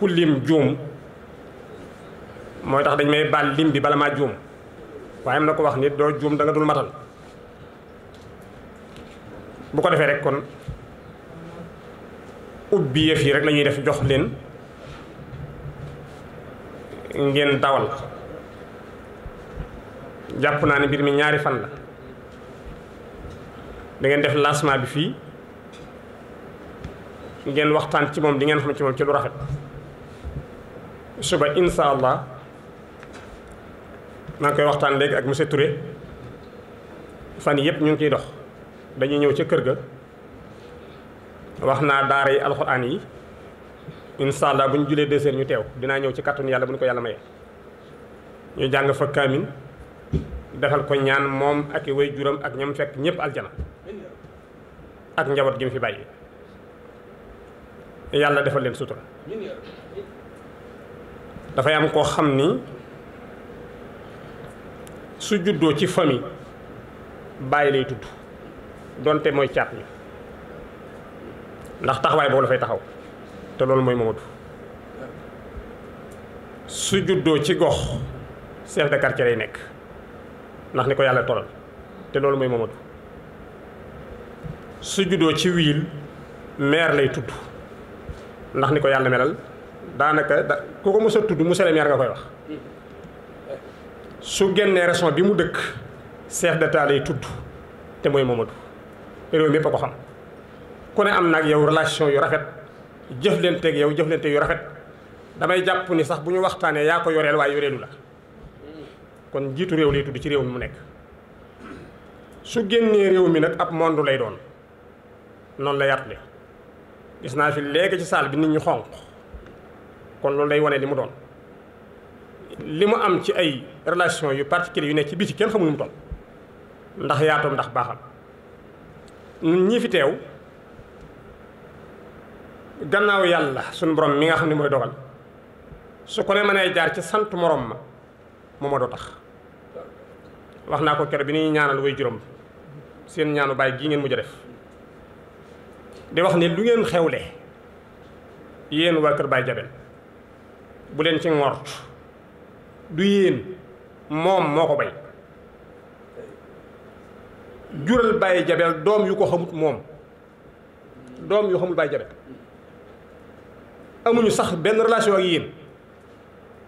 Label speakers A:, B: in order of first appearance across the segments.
A: ku lim juum mooy tax dañ may baal lim bi bala maa juum waaye am na ko wax nit doo juum danga nga dul matal bu ko defee rek kon ubbi yëf yi rek lañuy def jox leen ngeen dawal jàpp naa ne mbir mi ñaari fan la dangeen def lancement bi fii ngeen waxtaan ci moom di ngeen xam ci moom ci lu rafet suba insha allah maa ngi koy waxtaan léegi ak monsieur Touré fan yëpp ñu ngi ciy dox dañuy ñëw ca kër ga wax naa daara yi alxuraan yi insha allah bu ñu julee deux ñu teew dinaa ñëw ci kàttanu yàlla bu nu ko yàlla mayee ñu jàng fa kaamin defal ko ñaan moom ak i way juram ak ñam fekk ñëpp aljana ak njaboot gi mu fi bàyyi yàlla defal leen sutura dafay am koo xam ni su juddoo ci famille bàyyi lay tudd donte mooy caat mi ndax taxawaay boobu dafay taxaw te loolu mooy Mamadou su juddoo ci gox chef de quartier lay nekk ndax ni ko yàlla toral te loolu mooy Mamadou su juddoo ci wiil maire lay tudd ndax ni ko yàlla melal daanaka da ku ko mos a tudd monsieur le maire nga koy wax su génnee reson bi mu dëkk chef d'état lay tudd te mooy Mamadou réew mépp a ko xam ku ne am nag yow relation yu rafet jëflanteeg yow jëflanteeg yu rafet damay jàpp ni sax bu ñu waxtaanee yaa ko yoreel waaye yoreelu la kon njiitu réew lay tudd ci réew mi mu nekk su génnee réew mi nag ab monde lay doon noonu la yàttule gis naa fi léegi ci saal bi nit ñu xonq kon loolu day wane li mu doon li mu am ci ay relation yu particulier yu nekk ci biti kenn xamul nu mu toll ndax yaatum ndax baaxal ñun ñii fi teew gannaaw yàlla suñu borom mi nga xam ne mooy dogal su ko ne mënee jaar ci sant morom ma moo ma doo tax wax naa ko keroog bi ñuy ñaanal way juróom seen ñaanu bàyyi gii ngeen mujj a def di wax ne lu ngeen xewle yeenu waa kër Baye Jabel bu leen ci ngort du yéen moom moo ko bay jural bàyyi jabel doom yu ko xamut moom doom yu xamul bàyyi jabel amuñu sax benn relation ak yéen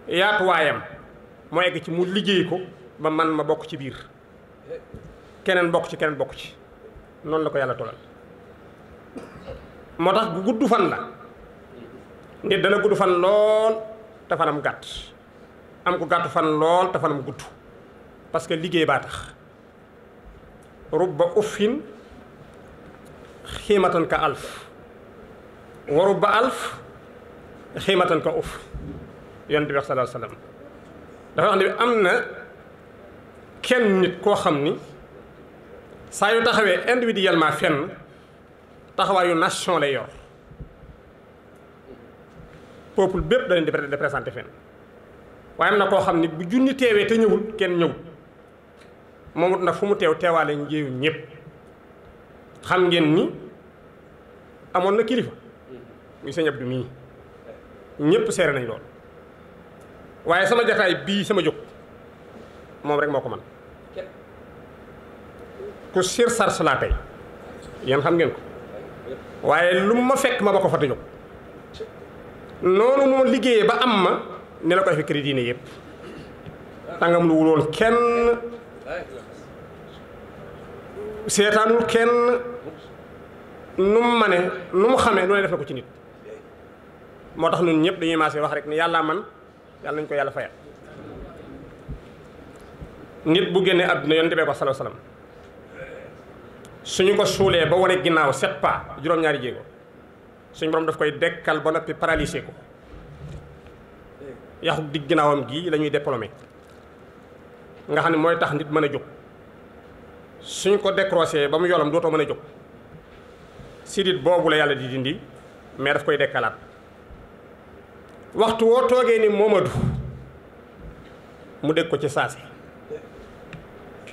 A: yaatuwaayam moo egg ci mu liggéey ko ba man ma bokk ci biir keneen bokk ci keneen bokk ci noonu la ko yàlla tolal moo tax gu gudd fan la nit dana gudd fan lool te fanam gàtt am ko gàtt fan lool te fanam gudd parce que liggéey baa tax rubba uffin xiimatan ka alf wa rubba alf xiimatan ka uff yonent bi sallallahu alayhi wa sallam wax ne am na kenn nit koo xam ni saa yu taxawee individuellement fenn taxawaayu nation yor peuple bépp da leen di représenté fenn waaye am na koo xam ne bu junni teewee te ñëwul kenn ñëwul moomut nag fu mu teew teewaale njéeyu ñëpp xam ngeen ni amoon na kilifa muy sëñ Abdou mii ñépp seere nañ lool waaye sama jataay bii sama jóg moom rek moo ko man ku sir sar salaa tey yéen xam ngeen ko waaye lu mu ma fekk ma ba ko fa te jóg noonu moo liggéeyee ba am ma ne la ko defee crédit ne yëpp tàngam lu wuloon kenn seetaanul kenn nu mu mane nu mu xamee nu ne def na ko ci nit moo tax ñun ñëpp dañuy maasee wax rek ne yàllaa man yàlla nañ ko yàlla fayal nit bu génnee àdduna yonent bee ko salaam suñu ko suulee ba wane ginnaaw sept pas juróom-ñaari jéego suñ borom daf koy dekkal ba noppi paralysé ko yaxu digg ginnaawam gii lañuy ñuy nga xam ne mooy tax nit mën a jóg suñ ko décroché ba mu yolam dootoo mën a jóg sidit boobu la yàlla di dindi mais daf koy dekkalaat waxtu woo toogee ni moomadu mu dégg ko ci saasi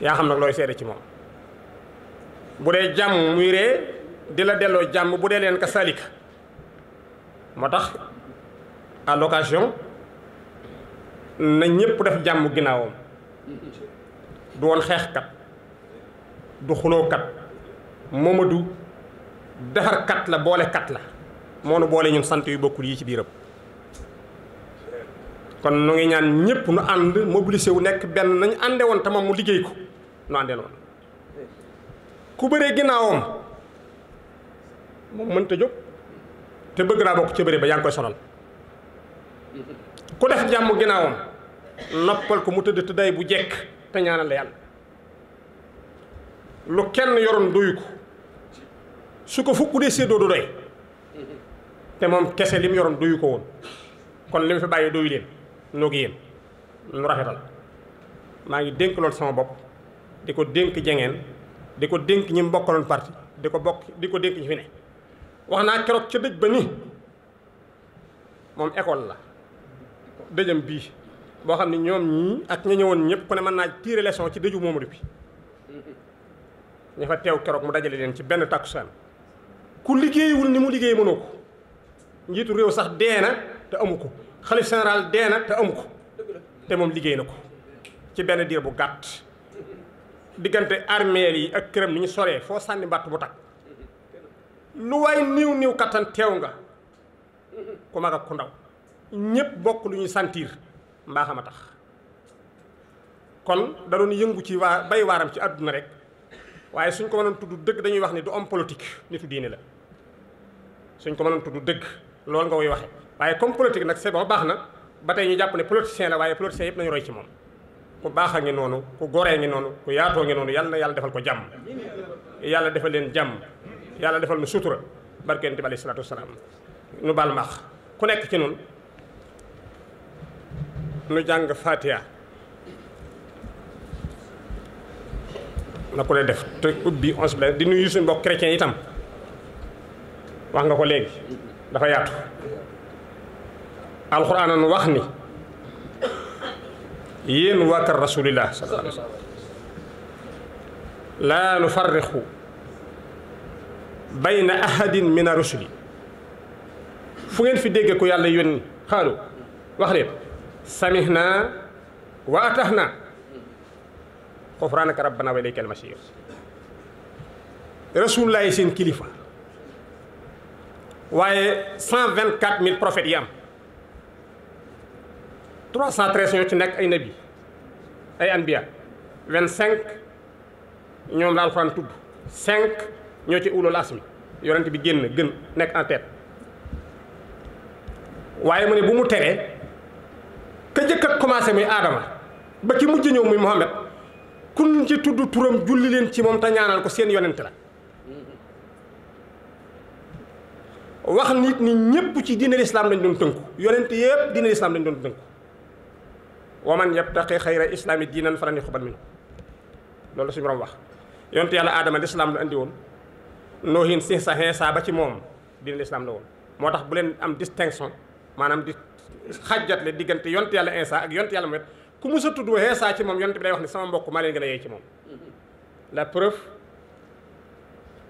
A: yaa xam nag looy seede ci moom bu dee jàmm muy ree di la delloo jàmm bu dee leen ka salika moo tax à l'occasion na ñëpp def jàmm ginnaawam du woon xeexkat du xulookat Momadou defarkat la boolekat la moo nu boole ñun sant yu bokkul yi ci biiram kon nu ngi ñaan ñëpp nu ànd mobilisé wu nekk benn nañu ànde woon tamam mu liggéey ko nu àndee woon ku bëree ginnaawam moom mënta jóg te bëgg naa bokk ca bëri ba yaa ngi koy sonal ku def jàmm ginnaawam noppal ko mu tëdd tëddaay bu jekk te ñaanal la yàlla lu kenn yoroon doyu ko su ko fukk dee séddoo du doy te moom kese li mu yoroon doyu ko woon kon li mu fi bàyyi doyu leen noo ngi nu rafetal maa ngi dénk loolu sama bopp di ko dénk jengeen di ko dénk ñi mu bokkaloon parti di ko bokk di ko dénk ñi fi ne wax naa keroog ca dëj ba ni moom école la dëjëm bii boo xam ne ñoom ñii ak ña ñëwoon ñëpp ku ne man naa tirer leçon ci dëju moomu bi ñu fa teew keroog mu dajale leen ci benn takku takkusaan ku liggéeyul ni mu liggéey mënoo ko njiitu réew sax dee na te amu ko xalif général dee na te amu ko te moom liggéey na ko ci benn diir bu gàtt diggante armeel yi ak këram ni ñu soree foo sànni mbàtt bu takk lu waay niw niw kattan teew nga ku mag ak ku ndaw ñépp bokk lu ñuy sentir mbaaxam a tax kon da yëngu ci waa bay waaram ci àdduna rek waaye suñ ko mënoon tudd dëgg dañuy wax ni du homme politique nitu diine la suñ ko mënoon tudd dëgg loolu nga koy waxe waaye comme politique nag c'est bon baax na ba tey ñu jàpp ne politicien la waaye politicien yëpp nañu roy ci moom ku baax ngi noonu ku goree ngi noonu ku yaatoo ngi noonu yàlla na yàlla defal ko jàmm yàlla defal leen jàmm yàlla defal nu sutura barkeen bi alayhi salaatu wasalaam nu baal maax ku nekk ci nun nu jàng fatiha na ko lay def te ubbi onze bi di nuyu suñu mbokk chrétien itam wax nga ko léegi dafa yaatu alxuraan nu wax ni yéen waa kër rasulillah laa nu farrixu bayna ahadin min rusuli fu ngeen fi dégg ko yàlla yónni xaalu wax leen samihna wa atahna xufraanaka rabbana wa ilaykal masiir rasulullaay seen kilifa waaye cent vingt quatre mille prophètes yi am ci nekk ay nabi ay anbiya cinq ñoom la alxuraan tudd cinq ñoo ci ulul asmi yonent bi génn gën nekk en tête waaye mu ne bu mu teree ka njëkk a commencé muy aadama ba ci mujj ñëw muy Muhammad kun ci tudd turam julli leen ci moom te ñaanal ko seen yonent la wax nit ñi ñëpp ci diine lislaam lañ doon tënku yonent yëpp diine lislaam lañ doon tënku waman yabtaqi xayra islaami diinan falan yuqbal minhu loolu suñu borom wax yonent yàlla aadama lislaam la indi woon noohin si sa xeesaa ba ci moom diine lislaam la woon moo tax bu leen am distinction maanaam di xajjatle diggante yont yàlla insa ak yont yàlla mu wet ku tudd xeesaa ci moom yont bi wax ne sama mbokk maa leen gën ci moom la preuve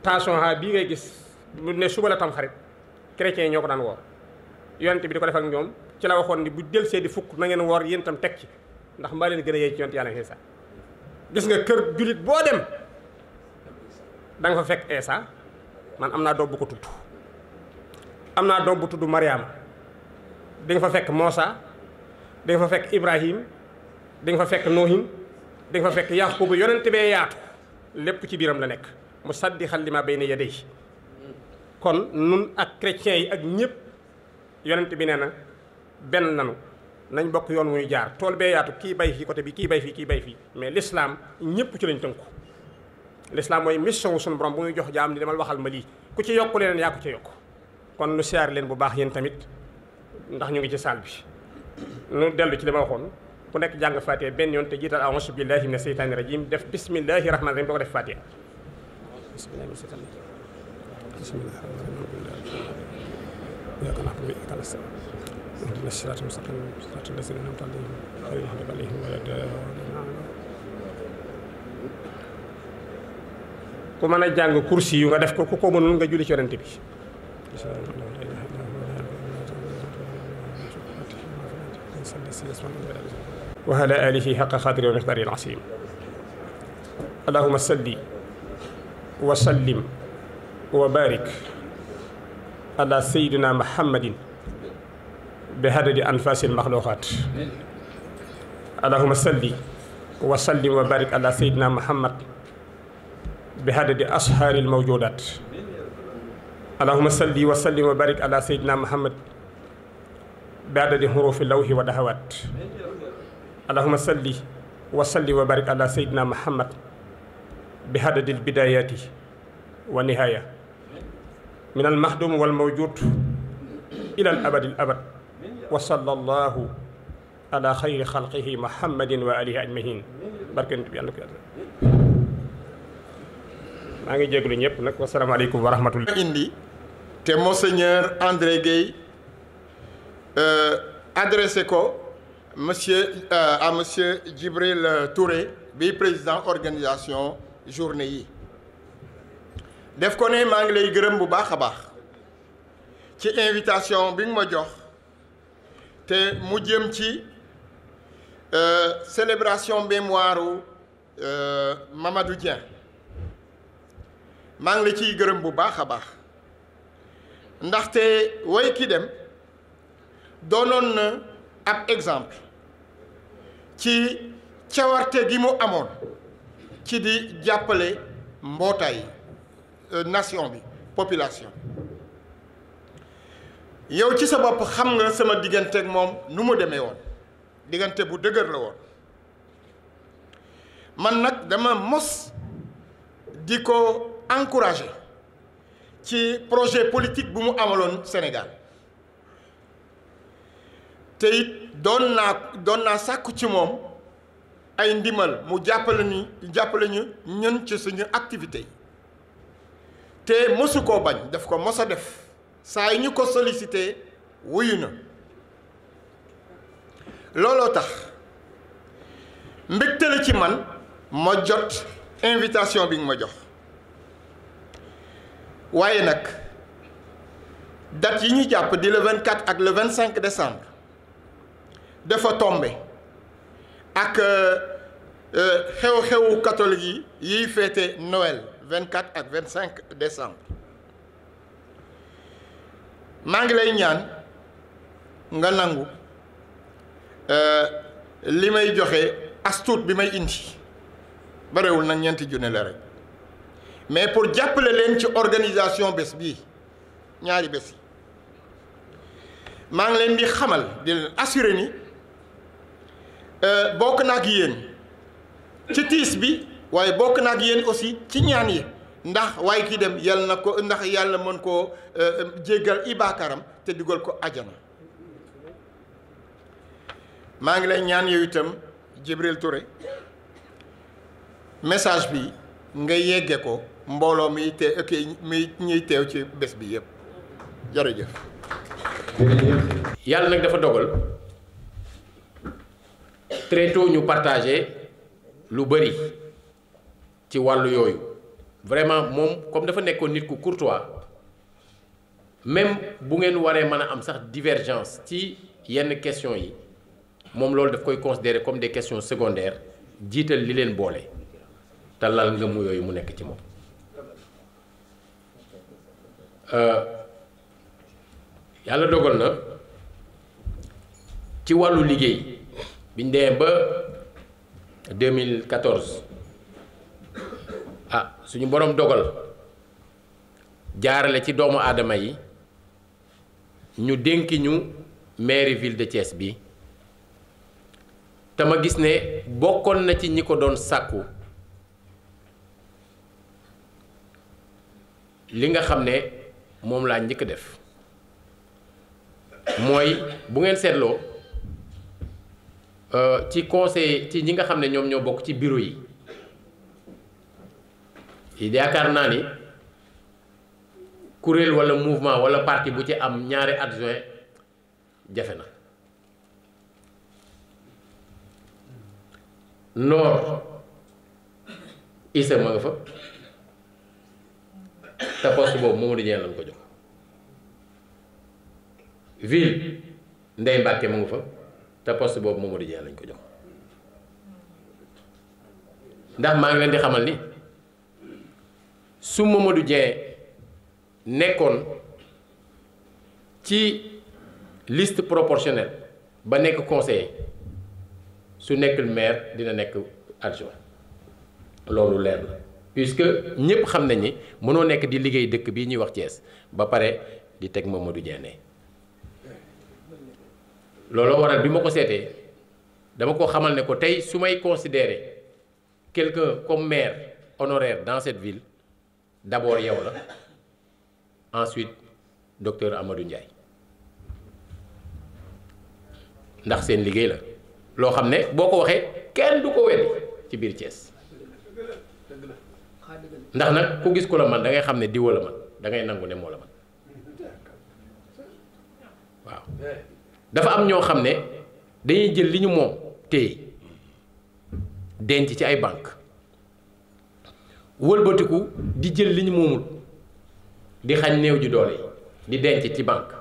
A: tension ha bii ngay gis mu ne suba la tam xarit chrétiens ñoo ko daan woor yonte bi di ko def ak ñoom ci la waxoon ni bu del see di fukk na ngeen woor yéen tam teg ci ndax maa leen gën a yey ci yonte yàlla insa gis nga kër julit boo dem danga nga fa fekk insa man am naa doom bu ko tudd am naa doom bu tudd Mariama di fa fekk Moosa di fa fekk Ibrahim di nga fa fekk Noohin di nga fa fekk Yaqubu yonent bee yaatu lépp ci biiram la nekk mu saddixal li ma bayna yadayhi kon nun ak chrétiens yi ak ñëpp yonent bi nee na benn nanu nañ bokk yoon wu jaar tool bee yaatu kii bay fii côté bi kiy bay fii kii bay fii mais l'islam ñëpp ci lañ tënku l'islam mooy mission suñu borom bu muy jox jaam dama demal waxal ma lii ku ci yokk leneen yaa ko ci yokk kon nu siyaar leen bu baax yéen tamit ndax ñu ngi ci salle bi nu dellu ci li ma waxoon ku nekk jàng fatiha benn yoon te jiital a'uuzu billahi mina seytaani rajim def bismillahi rahmaani rahim doo ko def fatiha bismillahi mina seytaani ku mën a jàng kursi yu nga def ko ku ko mënul nga julli ci bi wa ala alihi xaqa xaatiri wa miqdaari al allahuma salli wa sallim wa barik ala sayidina muhammadin bi hadadi anfasil maxluqaat allahuma salli wa sallim wa barik ala sayidina muhammad بهدد أشهار الموجودات اللهم صل وسلم وبارك على سيدنا محمد بعدد حروف اللوح والدهوات اللهم صل وسلم وبارك على سيدنا محمد بهدد البدايات والنهاية من المخدوم والموجود إلى الأبد الأبد وصلى الله على خير خلقه محمد وآله أجمعين بركة
B: maa ngi jégalu ñëpp nag wasalaamaaleykum wa rahmatullah indi te monseigneur André Guèye euh, adressé ko monsieur euh, à monsieur Djibril Touré bi président organisation journée yi def ko ne maa ngi lay gërëm bu baax a baax ci invitation bi mu ma jox te mu jëm ci euh, célébration mémoire Mamadou Dieng maa ngi la ciy gërëm bu baax a baax ndaxte woy ki dem doonoon na ab exemple ci cawarte gi mu amoon ci di jàppale mbootaay euh, nation bi population yow ci sa bopp xam nga sama diggante ak moom nu mu demee woon diggante bu dëgër la woon man nag dama mos di ko encouragé ci projet politique bu mu amaloon Sénégal te it doon naa doon naa sàkku ci moom ay ndimal mu jàppale ni jàppale ñu ñun ci suñu activité yi te mësu koo bañ daf ko mos a def saa yi ñu ko sollicité wuyu na looloo tax mbégte la ci man ma jot invitation bi nga ma jox waaye nag date yi ñu jàpp di le 24 ak vingt cinq décembre dafa tombé ak euh, euh, xew-xewu catholique yi yiy féete vingt 24 ak vingt cinq décembre maa ngi lay ñaan nga nangu euh, li may joxe astuut bi may indi barewul nag ñeenti junne la rek mais pour jàppale leen ci organisation bés bii ñaari bés yi maa ngi leen di xamal di leen assuré ni euh, bokk naa ak yéen ci tiis bi waaye bokk naa ak yéen aussi ci ñaan yi ndax waaye kii dem yàlla na ko ndax yàlla mën koo euh, jéggal ibaakaram te dugal ko ajana maa ngi lay ñaan yooyu itam Djibril Touré message bi nga yegge ko mbooloo mi te ak mi ñuy teew ci bés bi yëpp jërëjëf. yàlla nag dafa dogal
C: très ñu partagé lu bëri ci wàllu yooyu vraiment moom comme dafa nekkoon nit ku courtois même bu ngeen waree mën a am sax divergence ci yenn questions yi moom loolu daf koy considere comme des questions secondaires jiital li leen boole te lal nga mu yooyu mu nekk ci moom. Euh, yàlla dogal na ci wàllu liggéey biñ demee ba 2014 ah suñu boroom dogal jaarale ci doomu aadama yi ñu dénki ñu mairie ville de Thiès bi te ma gis ne bokkoon na ci ñi ko doon sàkku li nga xam ne moom laa njëkk def mooy bu ngeen seetloo euh, ci conseil ci ñi nga xam ne ñoom ñoo bokk ci bureau yi yaakaar naa ni kuréel walla mouvement walla parti bu ci am ñaari adjoint jafe na noor Issa ma nga fa boobu poste boobu Mamadou Dieng lañ ko jox ville Ndeye Mbacke mu ngi fa te poste boobu Mamadou Dieng lañ ko jox ndax maa ngi leen di xamal ni su Mamadou Dieng nekkoon ci list proportionnelle ba nekk conseiller su nekkul maire dina nekk adjoint loolu leer la puisque ñëpp xam nañ ñi mënoo nekk di liggéey dëkk bii ñuy wax Thiès ba pare di teg Mamadou Diané looloo waral bi ma ko seetee dama ko xamal ne ko tey su may considérer quelque comme maire honoraire dans cette ville d'abord yow la ensuite docteur Amadou Ndiaye ndax seen liggéey la loo xam ne boo ko waxee kenn du ko weddi ci biir Thiès. ndax nag ku gis ku la man da ngay xam ne diwa la man dangay ngay nangu ne moo la man waaw dafa am ñoo xam ne dañuy jël li ñu moom téye denc ci ay banque wëlbatiku di jël li ñu moomul di xañ néew ji doole yi di denc ci banque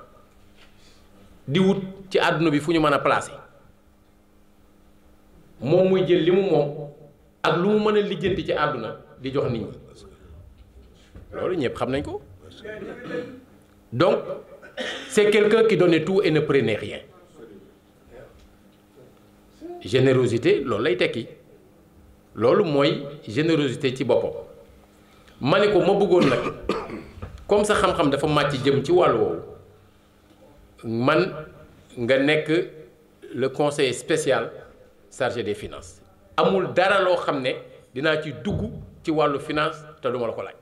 C: di wut ci àdduna bi fu ñu mën a placer moom muy jël li mu moom ak lu mu mën a lijjanti ci àdduna di jox nit ñi loolu ñëpp xam nañ ko donc c'est quelqu'un qui donnait tout et ne prenait rien générosité loolu lay tekki loolu mooy générosité ci boppam ma ne ko ma bëggoon nag comme sa xam-xam dafa màcc jëm ci wàll woowu man nga nekk le conseiller spécial chargé des finances amul dara loo xam ne dinaa ci dugg ci wàllu finance te duma la ko laaj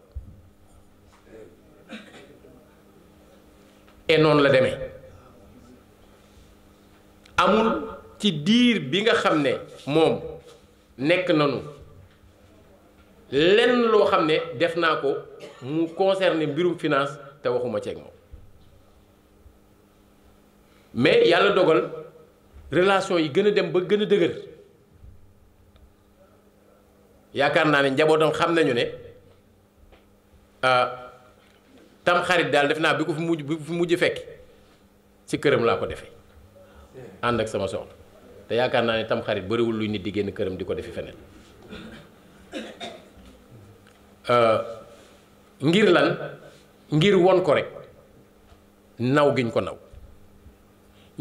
C: et noonu la demee amul ci diir bi nga xam ne moom nekk nanu lenn loo xam ne def naa ko mu concerne mbirum finance te waxuma ceeg moom mais yàlla dogal relation yi gën a dem ba gën a dëgër yaakaar naa ne njabootam xam nañu ne ah tam xarit daal def naa bi ko fi mujj bi ko fi mujj fekk si këram laa ko defee ànd ak sama soxna te yaakaar naa ne tam xarit bariwul luy nit di génn këram di ko defi feneen euh, ngir lan ngir won ko rek naw giñ ko naw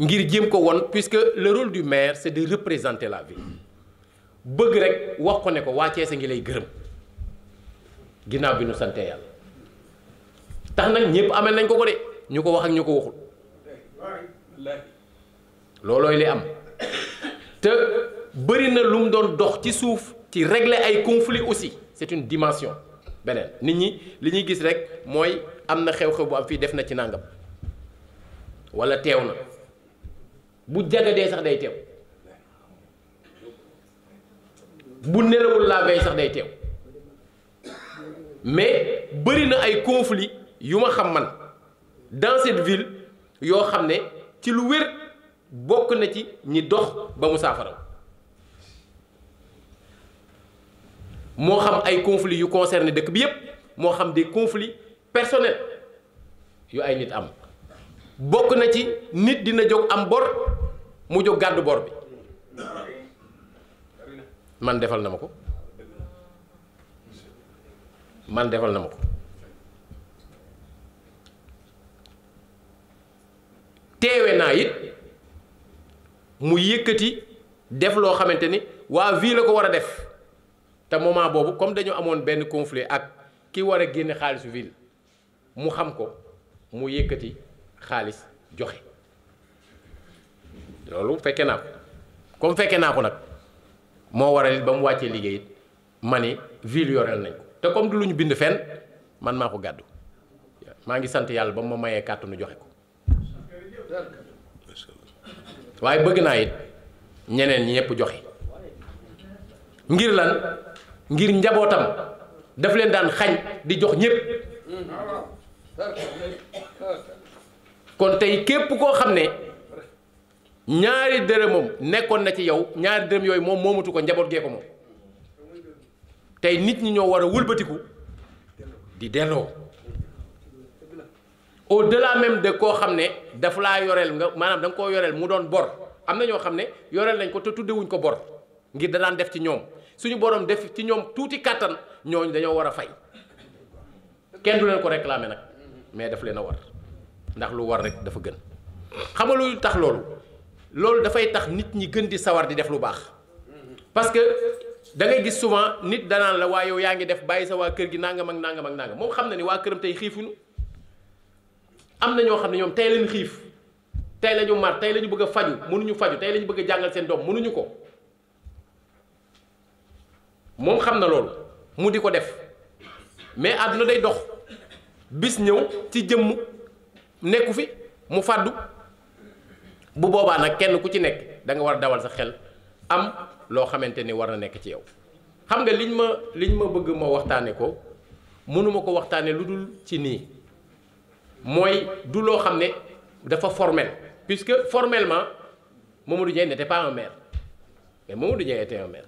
C: ngir jéem ko won puisque le role du maire c'est de représenter la ville bëgg rek wax ko ne ko wàccee sa ngi lay gërëm ginnaaw bi nu sante yàlla tax nag ñëpp amel nañ ko ko de ñu ko wax ak ñu ko waxul loolooy li am te bëri na lu doon dox ci suuf ci régler ay conflits aussi c'est une dimension beneen nit ñi li ñuy gis rek mooy am na xew-xew bu am fii def na ci nangam walla teew na bu jagadee sax day teew bu nelawul la veille sax day teew mais bëri na ay conflits yu ma xam man dans cette ville yoo xam ne ci lu wér bokk na ci ñi dox ba mu saafara moo xam ay conflits yu concerné dëkk bi yépp moo xam de conflits personnel yu ay nit am bokk na ci nit dina jóg am bor mu jóg gàddu bor bi man defal na ma ko man defal na ma ko teewe naa it mu yëkkati def loo xamante ni waa ville la ko war a def te moment boobu comme dañu amoon benn conflit ak ki war a génne xaalisu ville mu xam ko mu yëkkati xaalis joxe loolu fekke naa ko comme fekke naa ko nag moo war a it ba mu wàccee liggéey it ma ni ville yoreel nañ ko te comme du lu ñu bind fenn man maa ko gàddu maa ngi sant yàlla ba mu ma mayee kàttanu joxe ko. waaye bëgg naa it ñeneen ñi ñëpp joxe ngir lan ngir njabootam daf leen daan xañ di jox ñëpp kon tey képp koo xam ne ñaari dërëmam nekkoon na ci yow ñaari dërëm yooyu moom moomatu ko njaboot gee ko moom tey nit ñi ñoo war a wëlbatiku di delloo. au-delà même de koo xam ne daf laa yoreel nga maanaam danga koo yoreel mu doon bor am na ñoo xam ne yoreel nañ ko te tuddewuñ ko bor ngir danaan def ci ñoom suñu borom def ci ñoom tuuti kàttan ñooñu dañoo war a fay kenn du leen ko réclamer nag mais daf leen a war ndax lu war rek dafa gën xam nga lu tax loolu loolu dafay tax nit ñi gën di sawar di def lu baax parce que da ngay gis souvent nit danaan la waa yow yaa ngi def bàyyi sa waa kër gi nangam ak nangam ak nangam moom xam na ni waa këram tey xiifuñu am na ñoo xam ne ñoom tey leen xiif tey lañu ñu mar tey la ñu bëgg a faju mënuñu faju tey lañu ñu bëgg a jàngal seen doom mënuñu ko moom xam na loolu mu di ko def mais àdduna day dox bis ñëw ci jëmm nekku fi mu fàddu bu boobaa nag kenn ku ci nekk da nga war a dawal sa xel am loo xamante ni war na nekk ci yow xam nga liñ ma liñ ma bëgg ma waxtaane ko mënuma ko waxtaane lu dul ci nii mooy du loo xam ne dafa formel puisque formellement Mamadou Dieng n'était pas un maire mais Mamadou Dieng était un maire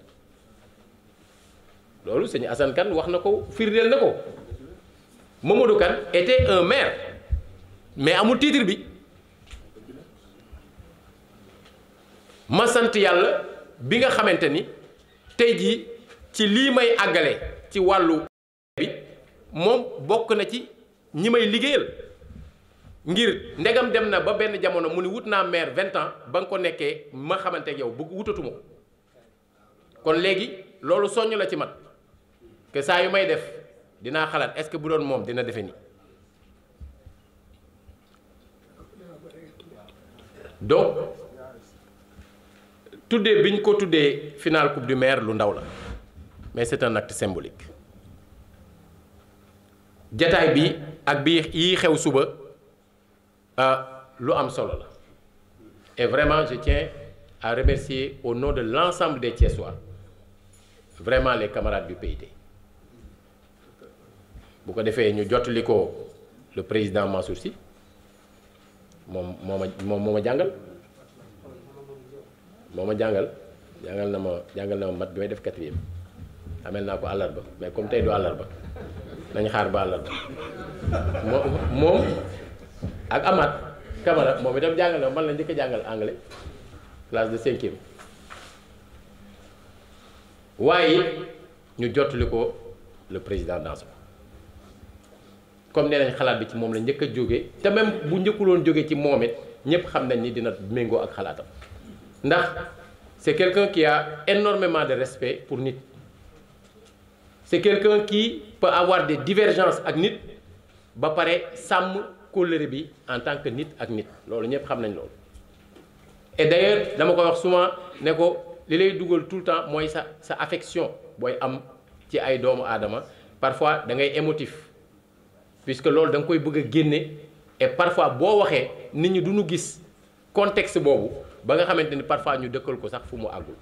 C: loolu sëñ Assane Kane wax na ko firndeel na ko Mamadou Kane était un maire mais amul titre bi ma sant yàlla bi nga xamante ni tey jii ci lii may àggale ci wàllu bi moom bokk na ci ñi may liggéeyal ngir ndegam dem na ba benn jamono mu ni wut naa maire vingt ans ba nga ko nekkee ma xamante yow bu wutatuma kon léegi loolu soññ la ci mat que yu may def dinaa xalaat est-ce que bu doon moom dina defe nii donc tuddee bi ñu ko tuddee finale coupe du maire lu ndaw la mais c'est un acte symbolique jataay bi ak bi yi xew suba Euh, lu am solo la et vraiment je tiens à remercier au nom de l'ensemble des Thiessois vraiment les camarades du PIT bu ko defee ñu jottali ko le président Mansour si moom moo moom moom moo ma jàngal moom ma jàngal jàngal na ma jàngal na ma mat bi may def quatrième amel naa ko àllarba mais comme tey du àllarba nañ xaar ba àllarba moom. ak amaat Camara moom itam jàngal na man la njëkk a jàngal anglais classe de cinquième waaye ñu jottali ko le président Dansokho comme nee nañ xalaat bi ci moom la njëkk a jóge te même bu njëkkuloon jóge ci moom it ñëpp xam nañ ni dina méngoo ak xalaatam ndax c'est quelqu'un qui a énormément de respect pour nit c'est quelqu'un kii peut avoir des divergences ak nit ba pare sàmm kóllëre bi en tant que nit ak nit loolu ñëpp xam nañ loolu. et d'ailleurs dama ko wax souvent ne ko li lay dugal tout le temps mooy sa sa affection booy am ci ay doomu aadama parfois da ngay émotif puisque loolu da nga koy bëgg a génne et parfois boo waxee nit ñi duñu gis contexte boobu ba nga xamante ni parfois ñu dëkkal ko sax fu mu àggul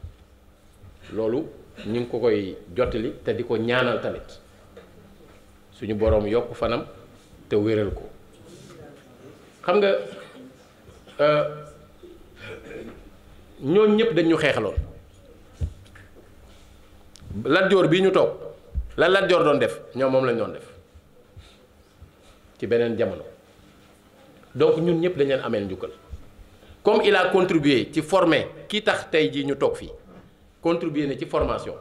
C: loolu ñu ngi ko koy jottali te di ko ñaanal tamit suñu boroom yokk fanam te wéral ko xam nga euh, ñooñ ñëpp dañ ñu xeexaloon Lat Joor bii ñu toog la Lat doon def ñoom moom lañ doon def ci beneen jamono donc ñun ñëpp dañ leen ameel njukkal comme il a ci former kii tax tey jii ñu toog fii contribué na ci formation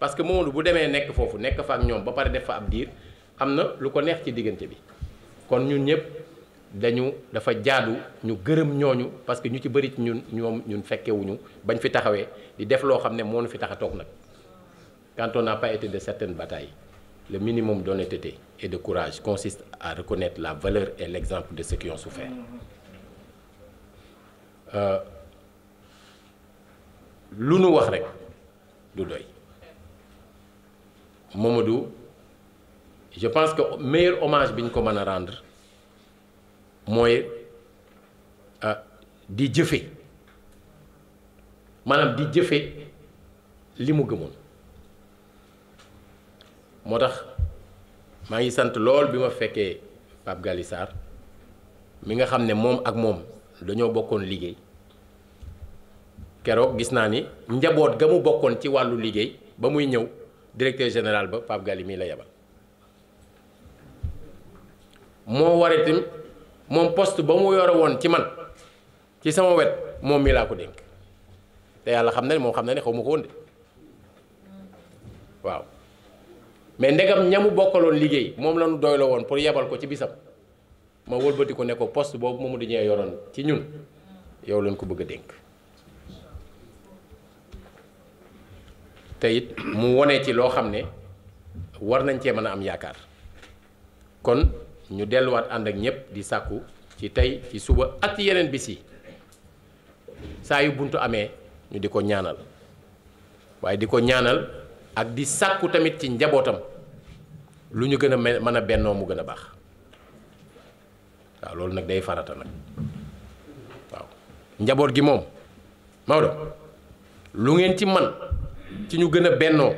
C: parce que Mamadou bu demee nekk foofu nekk fa ak ñoom ba pare def fa ab diir am na lu ko neex ci diggante bi kon ñun ñëpp. dañu dafa jaadu ñu gërëm ñooñu parce que ñu ci bëri ñun ñoom ñun fekkewuñu bañ fi taxawee di def loo xam ne moo nu fi tax a toog nag quand on n'a pas été de certaines batailles le minimum d'honnêteté et de courage consiste à reconnaître la valeur et l'exemple de ceux qui ont souffert euh, lu nu wax rek du doy Mamadou je pense que meilleur hommage bi ñu ko mën a rendre mooy euh, di jëfe maanaam di jëfe li mu gëmoon moo tax maa ngi sant lool bi ma fekkee Pape Gali mi nga xam ne moom ak moom dañoo bokkoon liggéey keroog gis naa ni njaboot ga mu bokkoon ci wàllu liggéey ba muy ñëw directeur général ba Pape Gali mii la yebal moo war moom post ba mu yore woon ci man ci sama wet moom mii laa ko dénk te yàlla xam na ne moom xam na ne xaw ma ko woon de waaw mais ndegam ñamu bokkaloon liggéey moom la ñu doyloo woon pour yebal ko ci bisam ma wëlbati ko ne ko poste boobu moomu dañee yoroon ci ñun yow lañ ko bëgg a dénk te it mu wone ci loo xam ne war nañ cee mën a am yaakaar kon ñu delluwaat ànd ak ñëpp di sàkku ci tey ci suba ak ci yeneen bi yi saa yu buntu amee ñu di ko ñaanal waaye di ko ñaanal ak di sàkku tamit ci njabootam lu ñu gën a mën a bennoo mu gën a baax waaw loolu nag day farata nag waaw njaboot gi moom Maodo lu ngeen ci man ci ñu gën a bennoo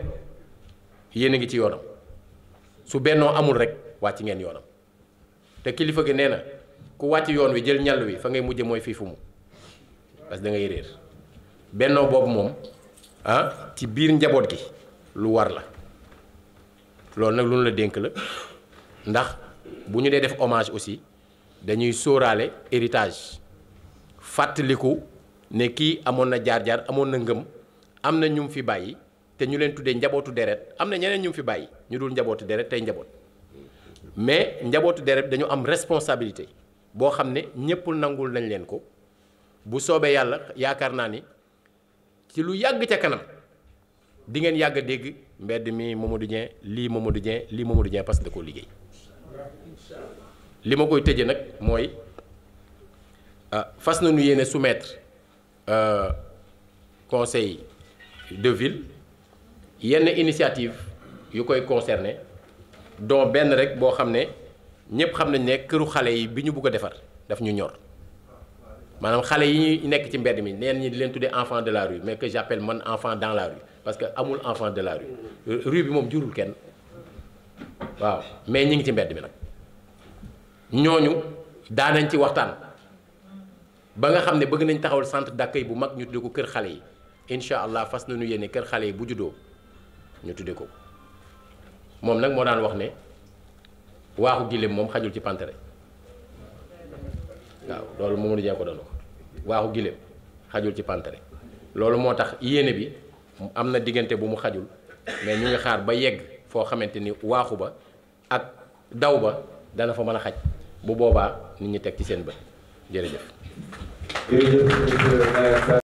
C: yéen a ngi ci yoonam su bennoo amul rek ci ngeen yoonam. te kilifa gi nee na ku wàcc yoon wi jël ñàll wi fa ngay mujje mooy fii fumu mu parce que da ngay réer bennoo boobu moom ah ci biir njaboot gi lu war la loolu nag lu ñu la dénk la ndax bu ñu dee def hommage aussi dañuy sóoraale héritage fàttaliku ne kii amoon na jaar-jaar amoon na ngëm am na ñu mu fi bàyyi te ñu leen tuddee njabootu deret am na ñeneen ñu fi bàyyi ñu dul njabootu deret tey njaboot mais njabootu deret dañu am responsabilité boo xam ne ñëpp nangul nañ leen ko bu soobee yàlla yaakaar naa ni ci lu yàgg ca kanam di ngeen yàgg a dégg mbedd mi Mamadou Dieng lii Mamadou Dieng lii Mamadou Dieng parce que da koo liggéey li ma koy tëjee nag mooy euh, fas nañu yéene soumettre euh, conseil de ville yenn initiative yu koy concerné don benn rek boo xam ne ñëpp xam nañ ne këru xale yi bi ñu bugg a defar daf ñu ñor maanaam xale yi ñuy nekk ci mbedd mi neen ñi di leen tuddee enfant de la rue mais que j'appelle man enfant dans la rue parce que amul enfant de la rue rue bi moom jurul kenn waaw mais ñi ngi ci mbedd mi nag ñooñu daanañ ci waxtaan ba nga xam ne bëgg nañ taxawal centre d'accueil bu mag ñu tuddee ko kër xale yi incha allah fas na ñu yéene kër xale yi bu juddoo ñu tuddee ko. moom nag moo daan wax ne waaxu giléem moom xajul ci pantere waaw loolu Mamadou Dieng ko doon wax waaxu giléem xajul ci pantere loolu moo tax yéene bi am na diggante bu mu xajul mais ñu ngi xaar ba yegg foo xamante ni waaxu ba ak daw ba dana fa mën a xaj bu boobaa nit ñi teg ci seen bët
B: jërëjëf